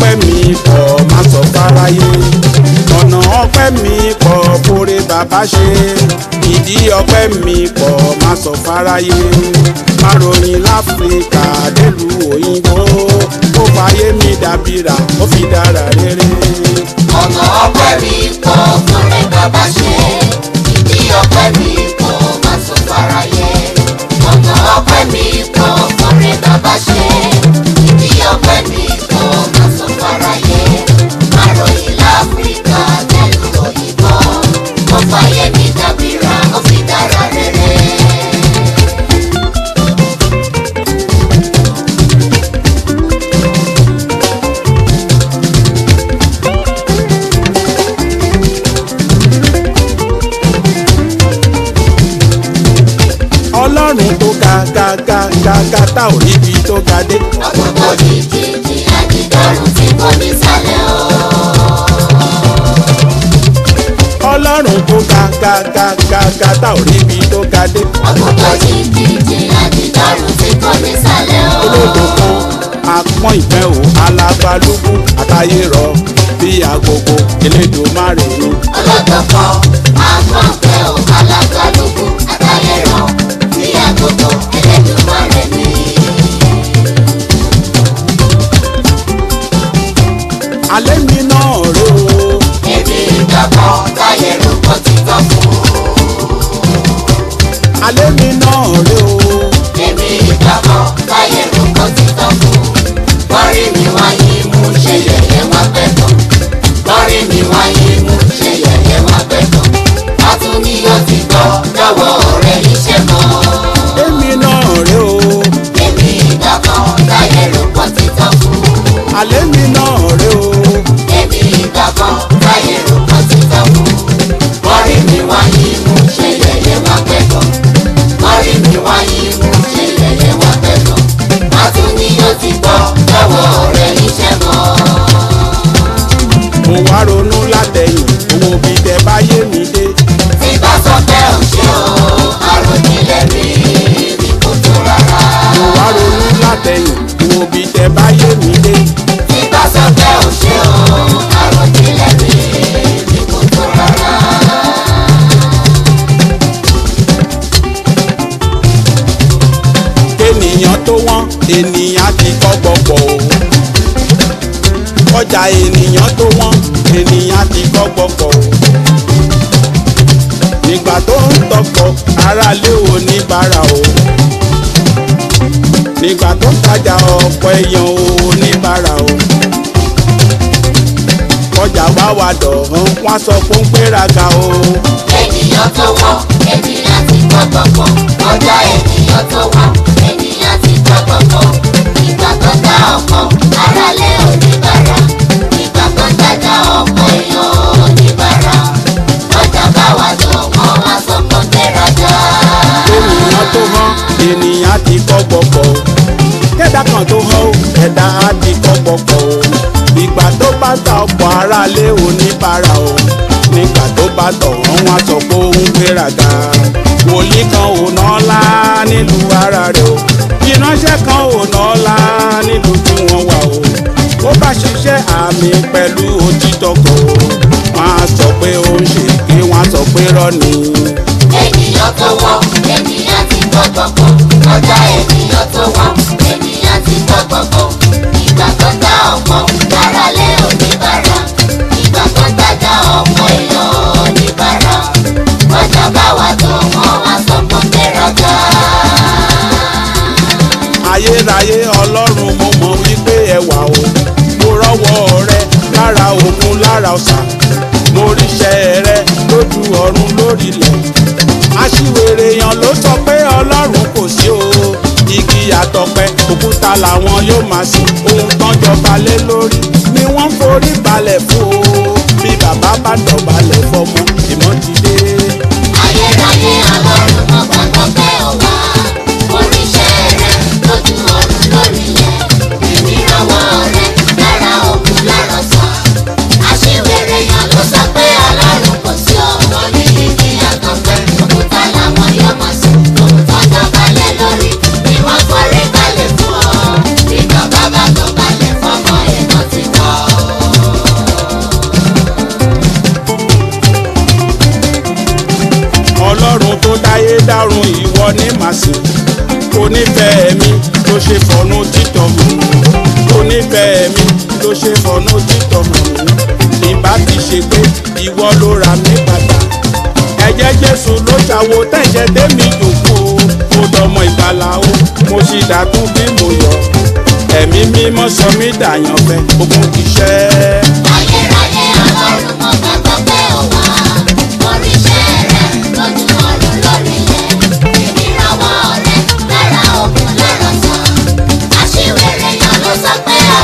ọpẹ́ mi pọ̀ má sọ fáráyé ọ̀nà ọpẹ́ mi pọ̀ kórè bàbá ṣe ìdí ọpẹ́ mi pọ̀ má sọ fáráyé má ròyìn láfíríkà délùú òyìnbó ó fàyè mi dàbíra ó fi dára rere. ọ̀nà ọpẹ́ mi pọ̀ kórè bàbá ṣe ìdí ọpẹ́ mi pọ̀ má sọ fáráyé ọ̀nà ọpẹ́ mi pọ̀ kórè bàbá ṣe. ga tá ò níbi tó ga dé. ọdún kò ní kìkì ẹni dẹ́rù tí kò ní sálẹ̀ o. ọlọ́run tó ga ga ga ga ga tá ò níbi tó ga dé. ọdún kò ní kìkì ẹni dẹ́rù tí kò ní sálẹ̀ o. olódò kan apọ́n ìfẹ́ o alábàlúkú àtayé rọ bí agogo Elédùmarè ni. olódò kan apọ́n ìfẹ́. ènìyàn ti kọ́gbọ́ pọ̀ o ọjà ènìyàn tó wọ́n ènìyàn ti kọ́gbọ́ pọ̀ o nígbà tó ń tọkọ aráalé oníbàárà o nígbà tó ń tajà ọ̀pọ̀ èèyàn oníbàárà o ọjà wá wà dọ̀hún wọ́n sọ pé ń gbéra ga o. ènìyàn tó wọ́n ènìyàn ti kọ́gbọ́ pọ̀ ọjà ènìyàn tó wọ́n kọ̀kọ̀ ìgbà kan gba ọkọ̀ aráalé oníbàárà ìgbà kan dáadáa ọkọ̀ èèyàn oníbàárà ọjà bá wà tó wọn wá sọ fún tẹ́rajà. ènìyàn tó hàn ènìyàn ti kọ́ o kẹ́dà kan tó hàn ó ẹ̀dá á ti kọ́ gbọ̀pọ̀ o ò ná ńlá nílùú ara rẹ̀ o ránṣẹ́ kan ò nọ́lá nílùú tí wọ́n wà o ó bá ṣiṣẹ́ àmì pẹ̀lú òtítọ́ kò wọ́n á sọ pé ó ń ṣe kí wọ́n sọ pé rọ́ọ̀nì. ènìyàn tó wọ ènìyàn ti gbọ́dọ̀ kan ọjà ènìyàn tó wọ. láyé ọlọ́run mo mọ̀ wípé ẹwà o mo rọ́wọ́ rẹ lára òkun lára ọ̀sà mo ríṣẹ́ rẹ lójú ọ̀run lórílẹ̀ aṣiwèrè yan ló sọ pé ọlọ́run kò sí o igi àtọ̀pẹ òkúta làwọn yóò máa sìn ohun tán jọba lé lórí ni wọ́n ń forí balẹ̀ fún o bí bàbá bá dọ̀balẹ̀ fọmọ ìmọ̀ ti dé. ayérayé àlọ́ rẹ̀. ṣe fọnú títọ̀ onífẹ̀ẹ́ mi ló ṣe fọnú títọ̀ ìbá ti ṣe pé ìwọ ló ra mi padà ẹ̀jẹ̀ Jésù ló ṣàwo tẹ̀jẹ̀ tèmi yòókù mo dọmọ ìgbàlà o mo sì dàtún bí mo yọ ẹ̀mí mímọ́ sọ mí dàyàn fẹ́ ogun kìí ṣẹ́. ayé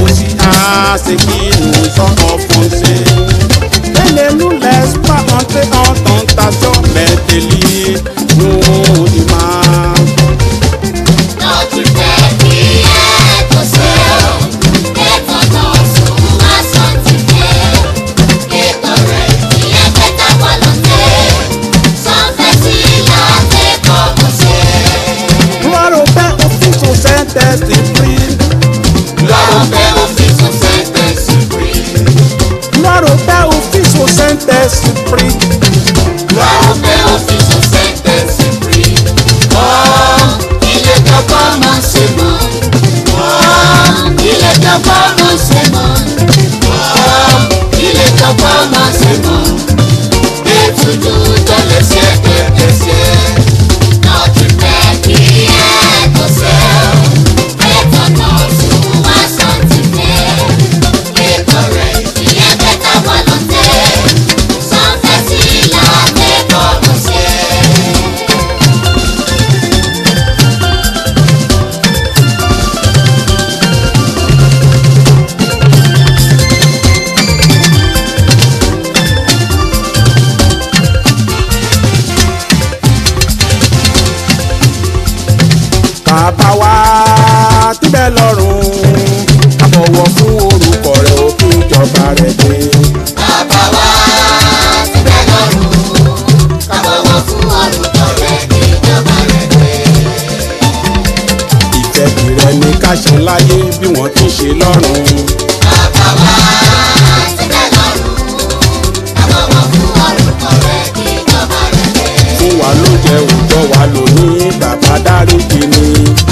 osi asekinu sọkọ fonse. Ele nu lẹ spa ante ọtọ ntasọ mẹtẹli nu odi. bàbá wa tí bẹ lọ́rùn ká bọ̀wọ̀ fún orúkọ rẹ̀ ó kí ìjọba rẹ̀ dé. bàbá wa tí bẹ lọ́rùn ká fún orúkọ rẹ̀ ìjọba rẹ̀ dé. ìfẹ́ tìrẹ ni ká ṣe láyé bí wọ́n ti ṣe lọ́rùn. bàbá wa. adarí kìíní.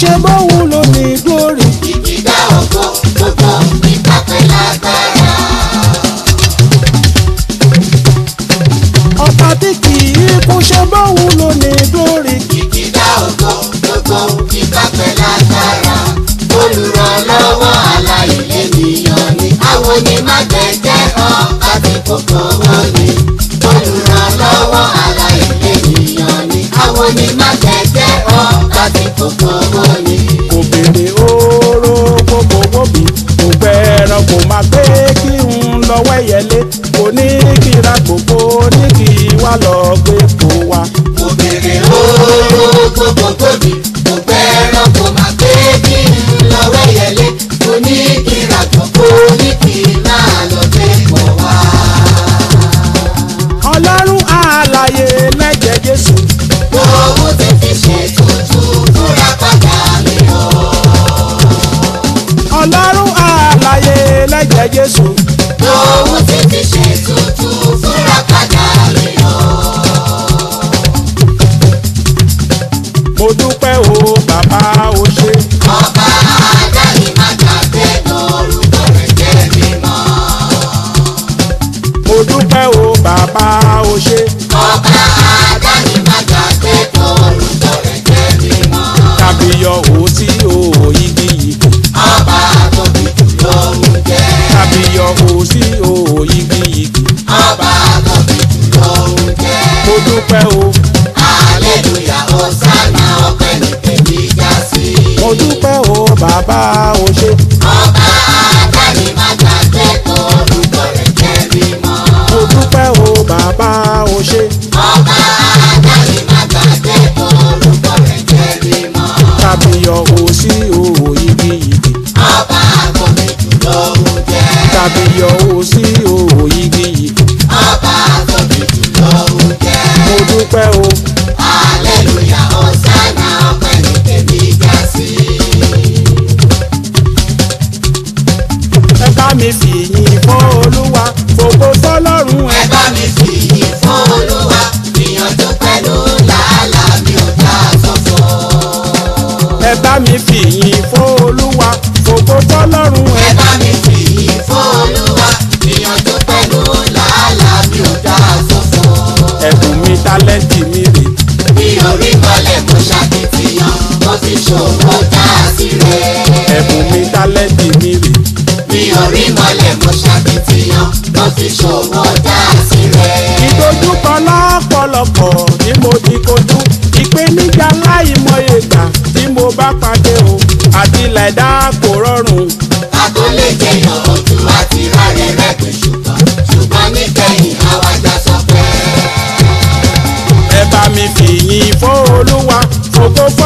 ṣe bóun ló ní glory. ìdá ògo gbogbo ìtàpẹ́ lágbára. ọba tí kì í kún ṣe bóun ló ní glory. ìdá ògo gbogbo ìtàpẹ́ lágbára. olùrànlọ́wọ́ aláyè lẹ́nìyàn ni àwọn onímọ̀tẹ́tẹ́ hàn àti kòkó wọn ni. olùrànlọ́wọ́ aláyè lẹ́nìyàn ni àwọn onímọ̀tẹ́tẹ́ hàn àti kòkó wọn ni. lọ gbé kó wa. mo bèrè owó gbogbogbò mi mo gbẹ ẹranko máa gbé kí n lọ wẹ̀yẹlé mo ní kí n ràjọ̀ kó ní kí máa lọ gbé kó wa. ọlọ́run àlàyé lẹ́jẹ̀ jésù. owó tètè ṣe tuntun fúnra padà mi lọ. ọlọ́run àlàyé lẹ́jẹ̀ jésù. Tchau. bá mi fìyìn fún olúwa fògo tọ́lọ́run ẹ bá mi fìyìn fún olúwa ìyànjú pẹ̀lú làálàá mi ò dáa sọ́sọ́. ẹ̀bùn mi tálẹ́ǹtì mi rè. mi ò rí bọ́lẹ̀ mo ṣàkìtìyàn mo ti ṣòwò dáa sí rẹ̀. ẹ̀bùn mi tálẹ́ǹtì mi rè. mi ò rí bọ́lẹ̀ mo ṣàkìtìyàn mo ti ṣòwò dáa sí rẹ̀. ìdojúkọ lọ́pọ̀lọpọ̀ ni mo ti kojú ìpèníjà láì mọ bá pàdé o àti lẹ̀dá kò rọrùn. àgbo lè jẹyàn ojú àti rárẹ̀ rẹ̀ pé ṣùgbọ́n ṣùgbọ́n níkẹyìn àwàjà sọ pé. ẹ bá mi fìyìn fún Olúwa fògo fún.